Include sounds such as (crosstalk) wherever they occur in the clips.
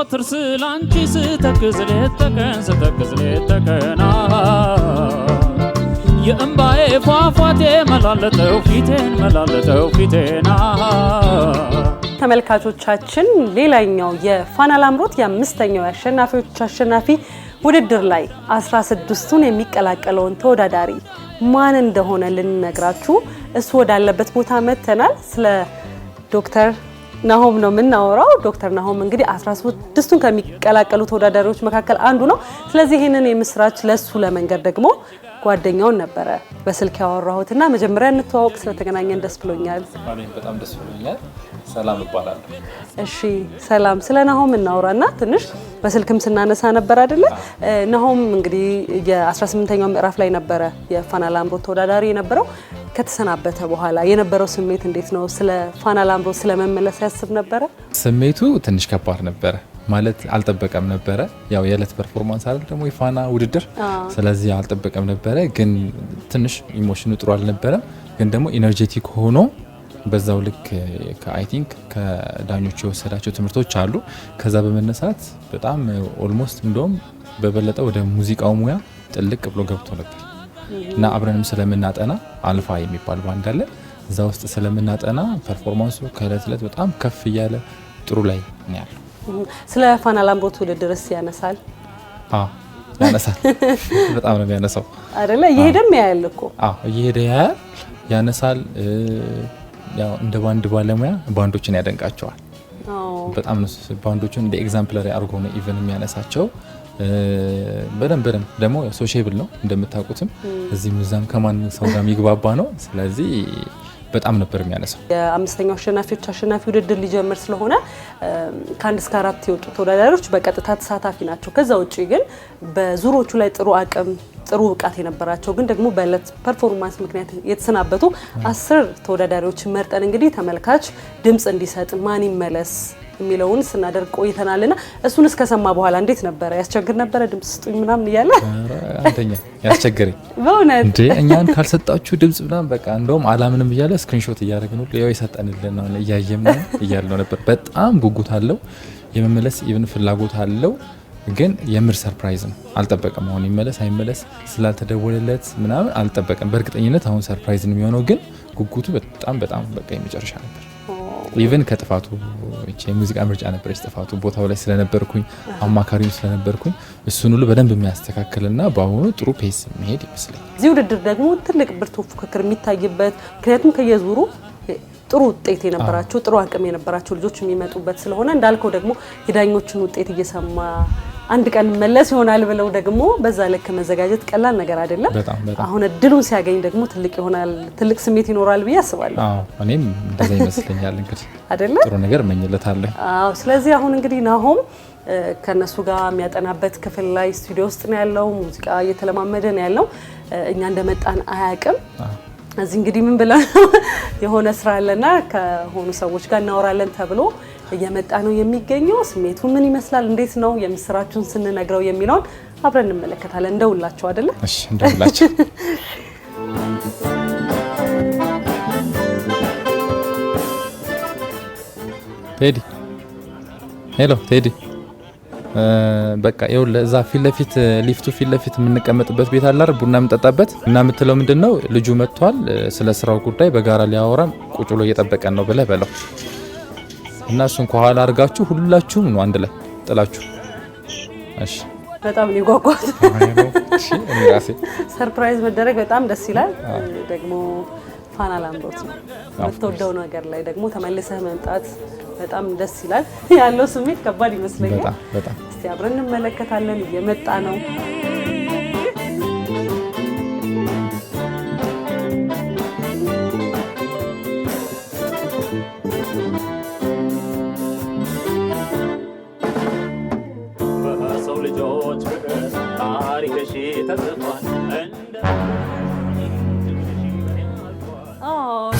ዘወትር ስላንቺ ስተክዝ ስተክዝ የእምባዬ ፏፏቴ መላለጠው ፊቴን መላለጠው ፊቴና ተመልካቾቻችን ሌላኛው የፋና ላምሮት የአምስተኛው የአሸናፊዎች አሸናፊ ውድድር ላይ 16ቱን የሚቀላቀለውን ተወዳዳሪ ማን እንደሆነ ልንነግራችሁ እሱ ወዳለበት ቦታ መጥተናል። ስለ ዶክተር ናሆም ነው የምናወራው። ዶክተር ናሆም እንግዲህ 16ቱን ከሚቀላቀሉ ተወዳዳሪዎች መካከል አንዱ ነው። ስለዚህ ይህንን የምስራች ለሱ ለመንገድ ደግሞ ጓደኛውን ነበረ በስልክ ያወራሁት እና መጀመሪያ እንተዋወቅ ስለተገናኘን ደስ ብሎኛል። በጣም ደስ ብሎኛል። ሰላም እባላለሁ። እሺ ሰላም፣ ስለ ናሆም እናውራ እና ትንሽ በስልክም ስናነሳ ነበር አይደለ? ናሆም እንግዲህ የ18ኛው ምዕራፍ ላይ ነበረ የፋና ላምሮት ተወዳዳሪ የነበረው። ከተሰናበተ በኋላ የነበረው ስሜት እንዴት ነው? ስለ ፋና ላምሮት ስለመመለስ ያስብ ነበረ? ስሜቱ ትንሽ ከባድ ነበረ ማለት አልጠበቀም ነበረ። ያው የዕለት ፐርፎርማንስ አይደል ደግሞ የፋና ውድድር፣ ስለዚህ አልጠበቀም ነበረ። ግን ትንሽ ኢሞሽኑ ጥሩ አልነበረም። ግን ደግሞ ኢነርጄቲክ ሆኖ በዛው ልክ ከአይ ቲንክ ከዳኞቹ የወሰዳቸው ትምህርቶች አሉ። ከዛ በመነሳት በጣም ኦልሞስት እንደውም በበለጠ ወደ ሙዚቃው ሙያ ጥልቅ ብሎ ገብቶ ነበር እና አብረንም ስለምናጠና አልፋ የሚባል ባንድ አለ። እዛ ውስጥ ስለምናጠና ፐርፎርማንሱ ከእለት እለት በጣም ከፍ እያለ ጥሩ ላይ ነው ያለው። ስለ ፋና ላምሮት ውድድርስ ያነሳል ያነሳል (laughs) በጣም ነው የሚያነሳው አይደለ? እየሄደም ያያል እኮ አዎ፣ እየሄደ ያያል፣ ያነሳል። ያው እንደ ባንድ ባለሙያ ባንዶችን ያደንቃቸዋል። በጣም ነው ባንዶቹን እንደ ኤግዛምፕለሪ አድርጎ ነው ኢቨን የሚያነሳቸው። በደንብ በደንብ ደግሞ ሶሼብል ነው እንደምታውቁትም፣ እዚህም እዛም ከማን ሰው ጋር የሚግባባ ነው። ስለዚህ በጣም ነበር የሚያነሳው። የአምስተኛው አሸናፊዎች አሸናፊ ውድድር ሊጀምር ስለሆነ ከአንድ እስከ አራት የወጡ ተወዳዳሪዎች በቀጥታ ተሳታፊ ናቸው። ከዛ ውጭ ግን በዙሮቹ ላይ ጥሩ አቅም ጥሩ ብቃት የነበራቸው ግን ደግሞ በእለት ፐርፎርማንስ ምክንያት የተሰናበቱ አስር ተወዳዳሪዎችን መርጠን እንግዲህ ተመልካች ድምፅ እንዲሰጥ ማን ይመለስ የሚለውን ስናደርግ ቆይተናል። ና እሱን እስከሰማ በኋላ እንዴት ነበረ? ያስቸግር ነበረ? ድምፅ ስጡኝ ምናምን እያለ አንደኛ ያስቸግረኝ በእውነት እንዴ እኛን ካልሰጣችሁ ድምፅ ምናምን በቃ እንደውም አላምንም እያለ ስክሪንሾት እያደረግን ሁሉ ያው የሰጠንልን አሁን እያየም እያለው ነበር። በጣም ጉጉት አለው የመመለስ ኢቨን ፍላጎት አለው ግን የምር ሰርፕራይዝ ነው። አልጠበቀም። አሁን ይመለስ አይመለስ ስላልተደወለለት ምናምን አልጠበቀም። በእርግጠኝነት አሁን ሰርፕራይዝ ነው የሚሆነው። ግን ጉጉቱ በጣም በጣም በቃ የመጨረሻ ነበር። ኢቨን ከጥፋቱ የሙዚቃ ምርጫ ነበረች። ጥፋቱ ቦታው ላይ ስለነበርኩኝ አማካሪም ስለነበርኩኝ እሱን ሁሉ በደንብ የሚያስተካክልና በአሁኑ ጥሩ ፔስ መሄድ ይመስለኛል። እዚህ ውድድር ደግሞ ትልቅ ብርቱ ፉክክር የሚታይበት ምክንያቱም ከየዙሩ ጥሩ ውጤት የነበራቸው ጥሩ አቅም የነበራቸው ልጆች የሚመጡበት ስለሆነ እንዳልከው ደግሞ የዳኞችን ውጤት እየሰማ አንድ ቀን መለስ ይሆናል ብለው ደግሞ በዛ ልክ መዘጋጀት ቀላል ነገር አይደለም። አሁን እድሉን ሲያገኝ ደግሞ ትልቅ ይሆናል፣ ትልቅ ስሜት ይኖራል ብዬ አስባለሁ። እኔም እንደዛ ይመስለኛል። እንግዲህ አይደለ ጥሩ ነገር እመኝለታለሁ። አዎ። ስለዚህ አሁን እንግዲህ ናሆም ከነሱ ጋር የሚያጠናበት ክፍል ላይ ስቱዲዮ ውስጥ ነው ያለው። ሙዚቃ እየተለማመደ ነው ያለው። እኛ እንደመጣን አያውቅም። እዚህ እንግዲህ ምን ብለን (laughs) የሆነ ስራ አለና ከሆኑ ሰዎች ጋር እናወራለን ተብሎ እየመጣ ነው የሚገኘው። ስሜቱ ምን ይመስላል፣ እንዴት ነው የምስራችሁን ስንነግረው የሚለውን አብረን እንመለከታለን። እንደውላችሁ አይደለ? እሺ፣ እንደውላችሁ ቴዲ ሄሎ ቴዲ በቃ ይኸውልህ እዛ ፊት ለፊት ሊፍቱ ፊት ለፊት የምንቀመጥበት ቤት አለ ቡና የምንጠጣበት እና የምትለው ምንድን ነው ልጁ መጥቷል፣ ስለ ስራው ጉዳይ በጋራ ሊያወራን ቁጭ ብሎ እየጠበቀን ነው ብለህ በለው እና እሱን ከኋላ አድርጋችሁ ሁላችሁም ነው አንድ ላይ ጥላችሁ። እሺ፣ በጣም ነው የጓጓሁት። እኔ ራሴ ሰርፕራይዝ መደረግ በጣም ደስ ይላል። ደግሞ ፋና ላምሮት ነው የምትወደው ነገር ላይ ደግሞ ተመልሰህ መምጣት በጣም ደስ ይላል። ያለው ስሜት ከባድ ይመስለኛል በጣም እስቲ አብረን እንመለከታለን። እየመጣ ነው።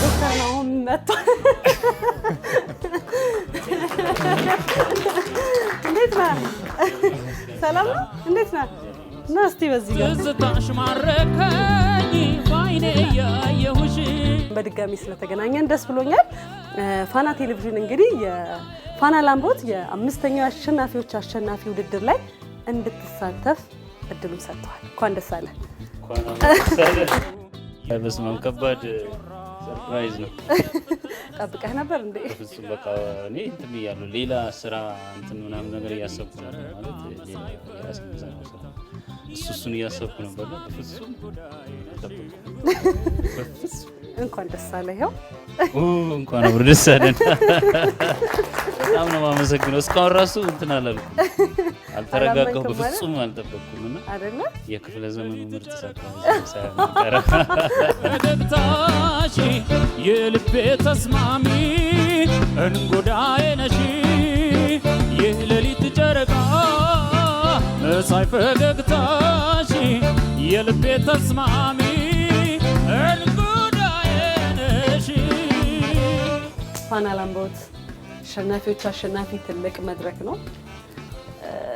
ዶክተር ነው መጥቷል። ሰላም ነው። እንዴት ነህ? ና እስቲ በዚህ ትዝታሽ ማረከኝ ባይኔ ያየሁሽ። በድጋሚ ስለተገናኘን ደስ ብሎኛል። ፋና ቴሌቪዥን እንግዲህ የፋና ላምሮት የአምስተኛው አሸናፊዎች አሸናፊ ውድድር ላይ እንድትሳተፍ እድሉን ሰጥተዋል። እንኳን ደስ አለ። በስመ አብ ከባድ ሰርፕራይዝ ነው። ጠብቀህ ነበር እንዴ? ፍጹም በቃ እኔ እንትን ብያለሁ። ሌላ ስራ እንትን ምናምን ነገር እያሰብኩ ነው ማለት ሌላ የራስ ነው እሱ እሱን እያሰብኩ ነበር። በፍጹም እንኳን ደስ አለ። ይኸው እንኳን አብሮ ደስ አለን። በጣም ነው የማመሰግነው። እስካሁን ራሱ እንትን አላልኩም፣ አልተረጋጋሁ፣ በፍጹም አልጠበቅኩም። እና የክፍለ ዘመኑ ምርጥ ሳደብታሽ የልቤ ተስማሚ እንጎዳ ነሽ መሳይ ፈገግታሽ የልቤ ተስማሚ እንጉዳዬነሽ ፋና ላምሮት አሸናፊዎች አሸናፊ ትልቅ መድረክ ነው።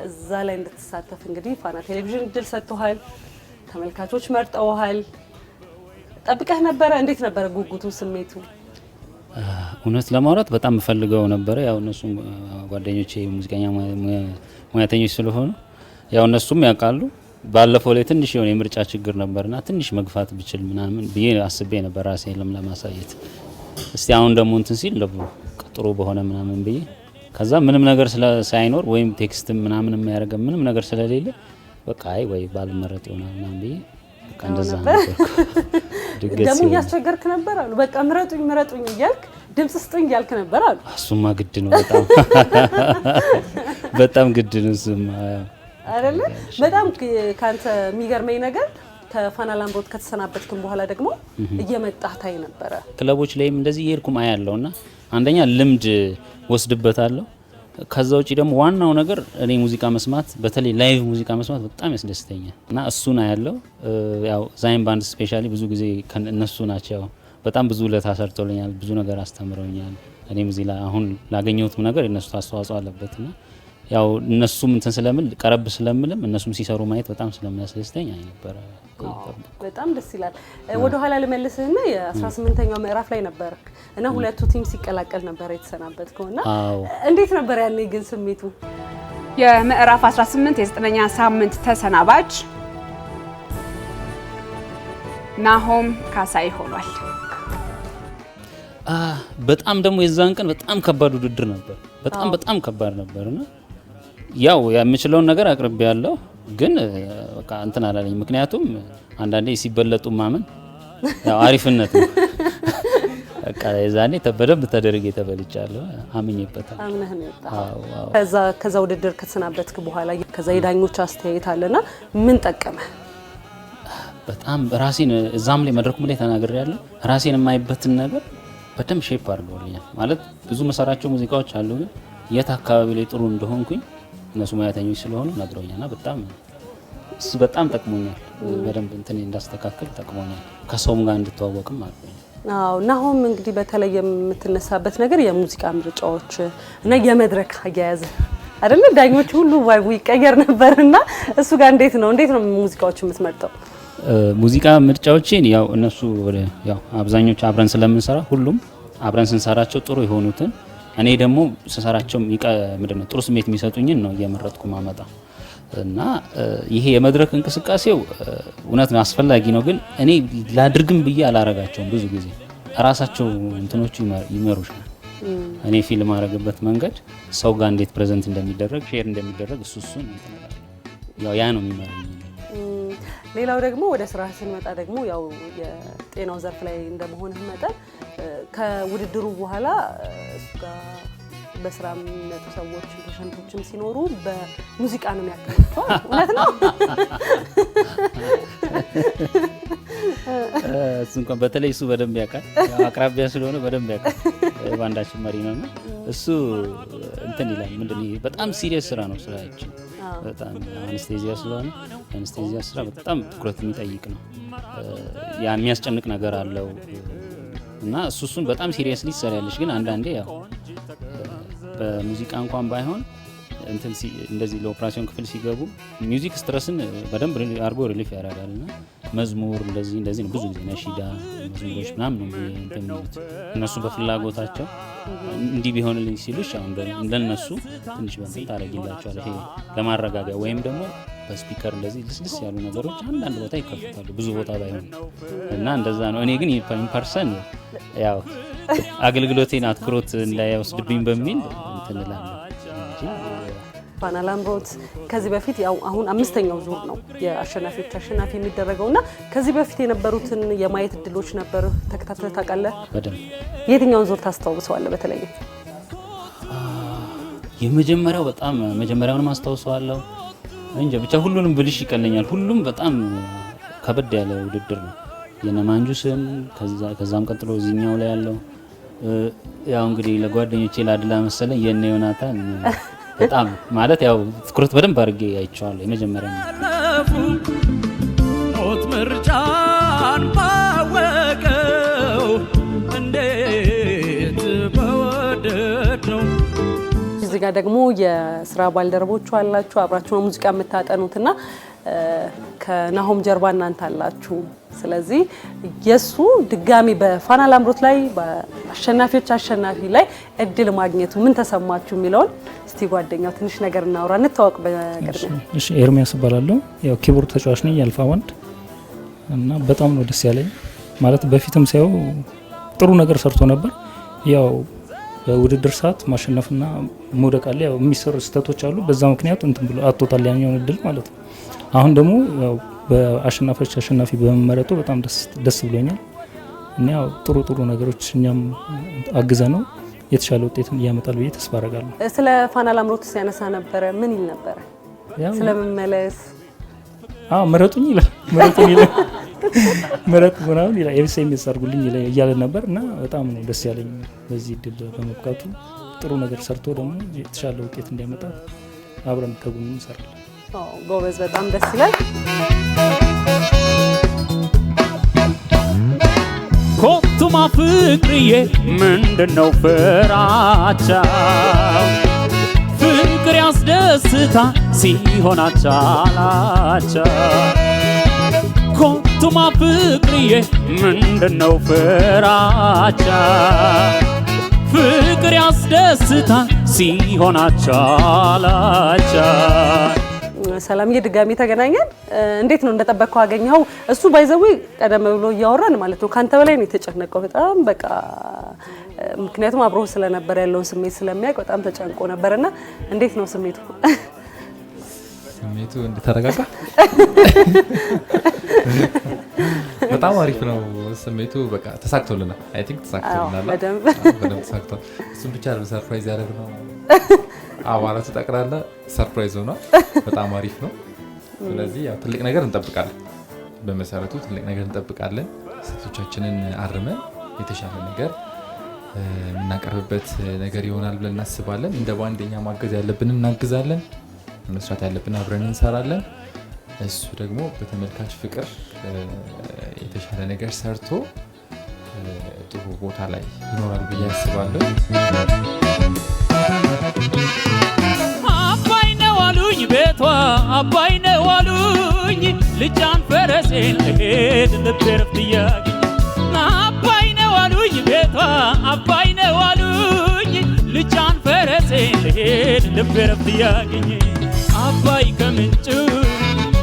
እዛ ላይ እንድትሳተፍ እንግዲህ ፋና ቴሌቪዥን እድል ሰጥቶሃል። ተመልካቾች መርጠውሃል። ጠብቀህ ነበረ? እንዴት ነበረ ጉጉቱ፣ ስሜቱ? እውነት ለማውራት በጣም እፈልገው ነበረ። ያው እነሱም ጓደኞቼ ሙዚቀኛ ሙያተኞች ስለሆኑ ያው እነሱም ያውቃሉ። ባለፈው ላይ ትንሽ የሆነ የምርጫ ችግር ነበርና ትንሽ መግፋት ብችል ምናምን ብዬ አስቤ ነበር ራሴ ለማሳየት እስቲ አሁን ደግሞ እንትን ሲል ጥሩ በሆነ ምናምን ብዬ ከዛ ምንም ነገር ሳይኖር ወይም ቴክስትም ምናምን የሚያደርገ ምንም ነገር ስለሌለ በቃ አይ ወይ ባልመረጥ ይሆናል ምናምን ብዬ በቃ እንደዛ (laughs) ደግሞ እያስቸገርክ ነበር አሉ። በቃ ምረጡኝ ምረጡኝ እያልክ ድምጽ ስጡኝ እያልክ ነበር አሉ። እሱማ ግድ ነው በጣም (laughs) በጣም ግድ ነው እሱማ አይደለ? በጣም ከአንተ የሚገርመኝ ነገር ከፋና ላምሮት ከተሰናበትክም በኋላ ደግሞ እየመጣህ ታይ ነበረ። ክለቦች ላይም እንደዚህ እየሄድኩም አያለው እና አንደኛ ልምድ ወስድበታለሁ። ከዛ ውጭ ደግሞ ዋናው ነገር እኔ ሙዚቃ መስማት በተለይ ላይቭ ሙዚቃ መስማት በጣም ያስደስተኛል እና እሱን አያለው። ያው ዛይን ባንድ ስፔሻሊ ብዙ ጊዜ እነሱ ናቸው። በጣም ብዙ ውለታ ሰርተውልኛል፣ ብዙ ነገር አስተምረውኛል። እኔም እዚህ አሁን ላገኘሁትም ነገር የነሱ አስተዋጽኦ አለበትና ያው እነሱም እንትን ስለምል ቀረብ ስለምልም እነሱም ሲሰሩ ማየት በጣም ስለሚያስደስተኝ ነበረ። በጣም ደስ ይላል። ወደ ኋላ ልመልስህና የ18ኛው ምዕራፍ ላይ ነበር እና ሁለቱ ቲም ሲቀላቀል ነበር የተሰናበት እና እንዴት ነበር ያኔ ግን ስሜቱ? የምዕራፍ 18 የዘጠነኛ ሳምንት ተሰናባች ናሆም ካሳይ ሆኗል። በጣም ደግሞ የዛን ቀን በጣም ከባድ ውድድር ነበር። በጣም በጣም ከባድ ነበርና ያው የምችለውን ነገር አቅርብ ያለው ግን በቃ እንትን አላለኝ። ምክንያቱም አንዳንዴ ሲበለጡ ማመን ያው አሪፍነት ነው። በቃ የዛኔ በደንብ ተደርጌ ተበልጫለሁ፣ አምኜበታል። ከዛ ከዛ ውድድር ከተሰናበትክ በኋላ ከዛ የዳኞች አስተያየት አለና ምን ጠቀመ? በጣም ራሴን እዛም ላይ መድረኩም ላይ ያለ ራሴን የማይበትን ነገር በደንብ ሼፕ አድርገውልኛል። ማለት ብዙ መሰራቸው ሙዚቃዎች አሉ፣ ግን የት አካባቢ ላይ ጥሩ እንደሆንኩኝ እነሱ ሙያተኞች ስለሆኑ ነግረውኛልና በጣም እሱ በጣም ጠቅሞኛል። በደንብ እንትን እንዳስተካከል ጠቅሞኛል። ከሰውም ጋር እንድተዋወቅም አድርጎኛል። አዎ ናሆም፣ እንግዲህ በተለይ የምትነሳበት ነገር የሙዚቃ ምርጫዎች እና የመድረክ አያያዝ አይደለ? ዳኞች ሁሉ ቫይቡ ይቀየር ነበር እና እሱ ጋር እንዴት ነው እንዴት ነው ሙዚቃዎች የምትመርጠው? ሙዚቃ ምርጫዎችን ያው እነሱ ያው አብዛኞቹ አብረን ስለምንሰራ ሁሉም አብረን ስንሰራቸው ጥሩ የሆኑትን እኔ ደግሞ ስሰራቸው ምንድነው ጥሩ ስሜት የሚሰጡኝን ነው እየመረጥኩ ማመጣ እና ይሄ የመድረክ እንቅስቃሴው እውነት ነው አስፈላጊ ነው። ግን እኔ ላድርግም ብዬ አላረጋቸውም። ብዙ ጊዜ ራሳቸው እንትኖቹ ይመሩሻል። እኔ ፊልም አረግበት መንገድ ሰው ጋር እንዴት ፕሬዘንት እንደሚደረግ ሼር እንደሚደረግ እሱ እሱን ያው ያ ነው የሚመራ። ሌላው ደግሞ ወደ ስራ ስንመጣ ደግሞ ያው የጤናው ዘርፍ ላይ እንደመሆንህ መጠን ከውድድሩ በኋላ እሱ ጋር በስራ የሚመጡ ሰዎች ሸንቶችም ሲኖሩ በሙዚቃ ነው የሚያክመቸዋል። እውነት ነው። እሱ እንኳን በተለይ እሱ በደንብ ያውቃል፣ አቅራቢያ ስለሆነ በደንብ ያውቃል። ባንዳችን መሪ ነው እና እሱ እንትን ይላል። ምንድን በጣም ሲሪየስ ስራ ነው ስራችን። በጣም አነስቴዚያ ስለሆነ አንስቴዚያ ስራ በጣም ትኩረት የሚጠይቅ ነው። የሚያስጨንቅ ነገር አለው። እና እሱ እሱን በጣም ሲሪየስሊ ትሰሪያለሽ። ግን አንዳንዴ ያው በሙዚቃ እንኳን ባይሆን እንትን እንደዚህ ለኦፕራሲዮን ክፍል ሲገቡ ሚውዚክ ስትረስን በደንብ አድርጎ ሪሊፍ ያደርጋል እና መዝሙር እንደዚህ እንደዚህ ብዙ ጊዜ ነሺዳ መዝሙሮች ምናምን የሚሉት እነሱ በፍላጎታቸው እንዲህ ቢሆንልኝ ሲሉሽ እንደነሱ ትንሽ በንትን ታደረጊላቸዋለሽ ለማረጋጊያ ወይም ደግሞ በስፒከር እንደዚህ ልስልስ ያሉ ነገሮች አንዳንድ ቦታ ይከፍታሉ፣ ብዙ ቦታ ባይሆን እና እንደዛ ነው። እኔ ግን ኢንፐርሰን ያው አገልግሎቴን አትኩሮት እንዳይወስድብኝ በሚል እንትን ፋና ላምሮት ከዚህ በፊት ያው አሁን አምስተኛው ዙር ነው የአሸናፊዎች አሸናፊ የሚደረገው እና ከዚህ በፊት የነበሩትን የማየት እድሎች ነበር ተከታተለ ታውቃለህ? በደንብ የትኛውን ዙር ታስታውሰዋለህ? በተለየ የመጀመሪያው በጣም መጀመሪያውንም አስታውሰዋለሁ። እንጂ ብቻ ሁሉንም ብልሽ ይቀለኛል። ሁሉም በጣም ከበድ ያለ ውድድር ነው። የነማንጁ ስም ከዛም ቀጥሎ እዚኛው ላይ ያለው ያው እንግዲህ ለጓደኞቼ ላድላ መሰለኝ የነ ዮናታን በጣም ማለት ያው ትኩረት በደንብ አድርጌ አይቼዋለሁ የመጀመሪያ ጋር ደግሞ የስራ ባልደረቦቹ አላችሁ፣ አብራችሁ ነው ሙዚቃ የምታጠኑት እና ከናሆም ጀርባ እናንተ አላችሁ። ስለዚህ የእሱ ድጋሚ በፋና ላምሮት ላይ በአሸናፊዎች አሸናፊ ላይ እድል ማግኘቱ ምን ተሰማችሁ የሚለውን እስቲ ጓደኛው ትንሽ ነገር እናውራ፣ እንተዋወቅ። በቅድሚያ ኤርሚያስ እባላለሁ። ያው ኪቦርድ ተጫዋች ነኝ የአልፋ ወንድ እና በጣም ነው ደስ ያለኝ። ማለት በፊትም ሳየው ጥሩ ነገር ሰርቶ ነበር ያው በውድድር ሰዓት ማሸነፍና መውደቅ አለ። የሚሰሩ ስህተቶች አሉ። በዛ ምክንያት እንትን ብሎ አቶታል ያኛውን እድል ማለት ነው። አሁን ደግሞ በአሸናፊዎች አሸናፊ በመመረጡ በጣም ደስ ብሎኛል እና ያው ጥሩ ጥሩ ነገሮች እኛም አግዘ ነው የተሻለ ውጤት እያመጣል ብዬ ተስፋ አደርጋለሁ። ስለ ፋና ላምሮት ሲያነሳ ነበረ ምን ይል ነበረ ስለመመለስ አዎ ምረጡኝ ይላል፣ ምረጡኝ ይላል፣ ምረጥ ምናምን ይላል፣ ኤስኤምኤስ አድርጉልኝ እያለን ነበር እና በጣም ነው ደስ ያለኝ በዚህ እድል በመብቃቱ ጥሩ ነገር ሰርቶ ደግሞ የተሻለ ውጤት እንዲያመጣ አብረን ከጎኑ እንሰራለን። ጎበዝ፣ በጣም ደስ ይላል። ኮቱማ ፍቅርዬ ምንድነው ነው ፍራቻ? ፍቅር ያስደስታ ሲሆን አቻ ላቻ ፍቅርዬ ምንድነው ፍራቻ ፍቅር ያስደስታ ሲሆን አቻ ሰላም ድጋሚ ተገናኘን። እንዴት ነው እንደጠበቅከው አገኘኸው? እሱ ባይዘዊ ቀደም ብሎ እያወራን ማለት ነው ከአንተ በላይ ነው የተጨነቀው በጣም በቃ ምክንያቱም አብሮ ስለነበር ያለውን ስሜት ስለሚያውቅ በጣም ተጨንቆ ነበርና እንዴት ነው ስሜቱ? ስሜቱ እንድተረጋጋ (laughs) በጣም አሪፍ ነው ስሜቱ። በቃ ተሳክቶልና አይ ቲንክ ተሳክቶልናል፣ በደንብ ተሳክቷል። እሱም ብቻ ነው ሰርፕራይዝ ያደረግነው (laughs) አባላቱ ጠቅላላ ሰርፕራይዝ ሆኗል። በጣም አሪፍ ነው። (laughs) ስለዚህ ያው ትልቅ ነገር እንጠብቃለን። በመሰረቱ ትልቅ ነገር እንጠብቃለን። ሴቶቻችንን አርመን የተሻለ ነገር የምናቀርብበት ነገር ይሆናል ብለን እናስባለን። እንደ በአንደኛ ማገዝ ያለብን እናግዛለን። መስራት ያለብን አብረን እንሰራለን። እሱ ደግሞ በተመልካች ፍቅር የተሻለ ነገር ሰርቶ ጥሩ ቦታ ላይ ይኖራል ብዬ አስባለሁ። አባይ ነው አሉኝ ቤቷ አባይ ነው አሉኝ ልጃን ፈረሴን ልሄድ ልቤ ረፍት አባይ ነው አሉኝ ቤቷ አባይ ነው አሉኝ ልጃን ፈረሴን ልሄድ ልቤ ረፍት አባይ ከምንጩ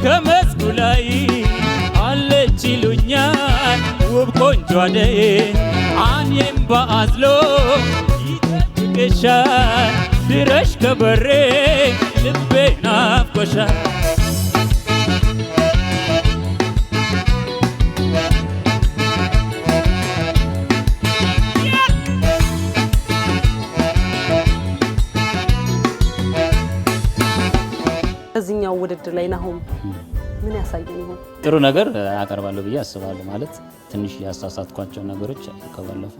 ከመስኩ ላይ ውብ ቆንጆ አደይ እኔም በአዝሎ ይጠብቅሻል ድረሽ ከበሬ ልቤ ናፍቆሻል እዚህኛው ውድድር ላይ ናሁም ምን ያሳየን ይሆን? ጥሩ ነገር አቀርባለሁ ብዬ አስባለሁ። ማለት ትንሽ ያሳሳትኳቸው ነገሮች ከባለፉ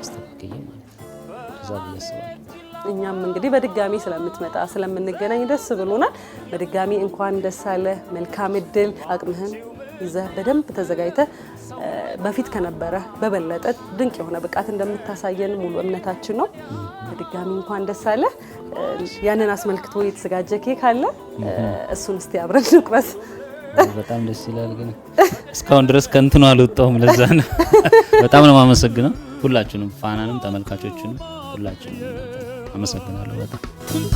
አስተካክዬ ማለት ነው ብዬ አስባለሁ። እኛም እንግዲህ በድጋሚ ስለምትመጣ ስለምንገናኝ ደስ ብሎናል። በድጋሚ እንኳን ደስ አለ፣ መልካም እድል። አቅምህን ይዘህ በደንብ ተዘጋጅተህ በፊት ከነበረ በበለጠ ድንቅ የሆነ ብቃት እንደምታሳየን ሙሉ እምነታችን ነው። በድጋሚ እንኳን ደስ አለ። ያንን አስመልክቶ የተዘጋጀ ኬክ አለ። እሱን እስቲ አብረን ንቁረስ። በጣም ደስ ይላል። ግን እስካሁን ድረስ ከእንትኑ አልወጣሁም። ለዛ ነው በጣም ነው የማመሰግነው። ሁላችሁንም ፋናንም፣ ተመልካቾችንም ሁላችሁንም አመሰግናለሁ። በጣም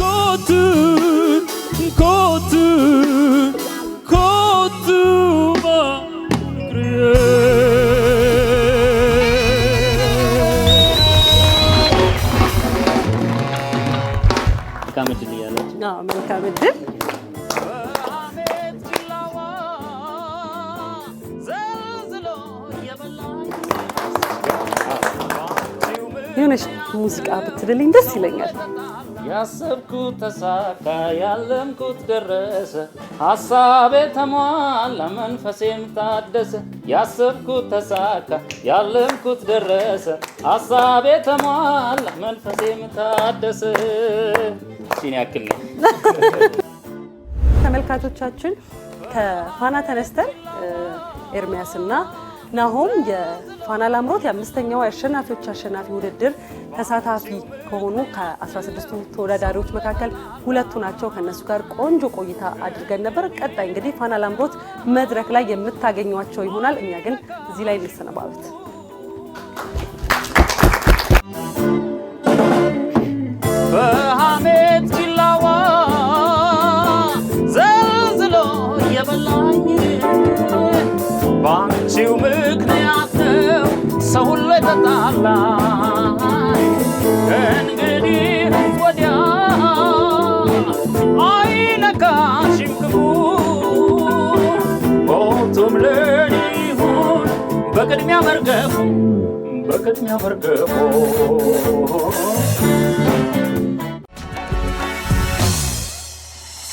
ኮቱ ኮቱ ኮቱ መልካም እድል እያላችሁ መልካም እድል የሆነች ሙዚቃ ብትልልኝ ደስ ይለኛል። ያሰብኩት ተሳካ፣ ያለምኩት ደረሰ፣ ሀሳቤ ተሟላ፣ መንፈሴም ታደሰ። ያሰብኩት ተሳካ፣ ያለምኩት ደረሰ፣ ሀሳቤ ተሟላ፣ መንፈሴም ታደሰ። ሲን ያክል ነው። ተመልካቾቻችን ከፋና ተነስተን ኤርሚያስ ኤርሚያስና ናሆም ፋና ላምሮት የአምስተኛው የአሸናፊዎች አሸናፊ ውድድር ተሳታፊ ከሆኑ ከ16ቱ ተወዳዳሪዎች መካከል ሁለቱ ናቸው። ከእነሱ ጋር ቆንጆ ቆይታ አድርገን ነበር። ቀጣይ እንግዲህ ፋና ላምሮት መድረክ ላይ የምታገኟቸው ይሆናል። እኛ ግን እዚህ ላይ እንሰነባበት። በሐሜት ቢላዋ ተጣላን እንግዲህ ወዲያ አይነካሽም ክፉ ሞቱም ለኔ ይሁን በቅድሚያ መርገፉ በቅድሚያ መርገፉ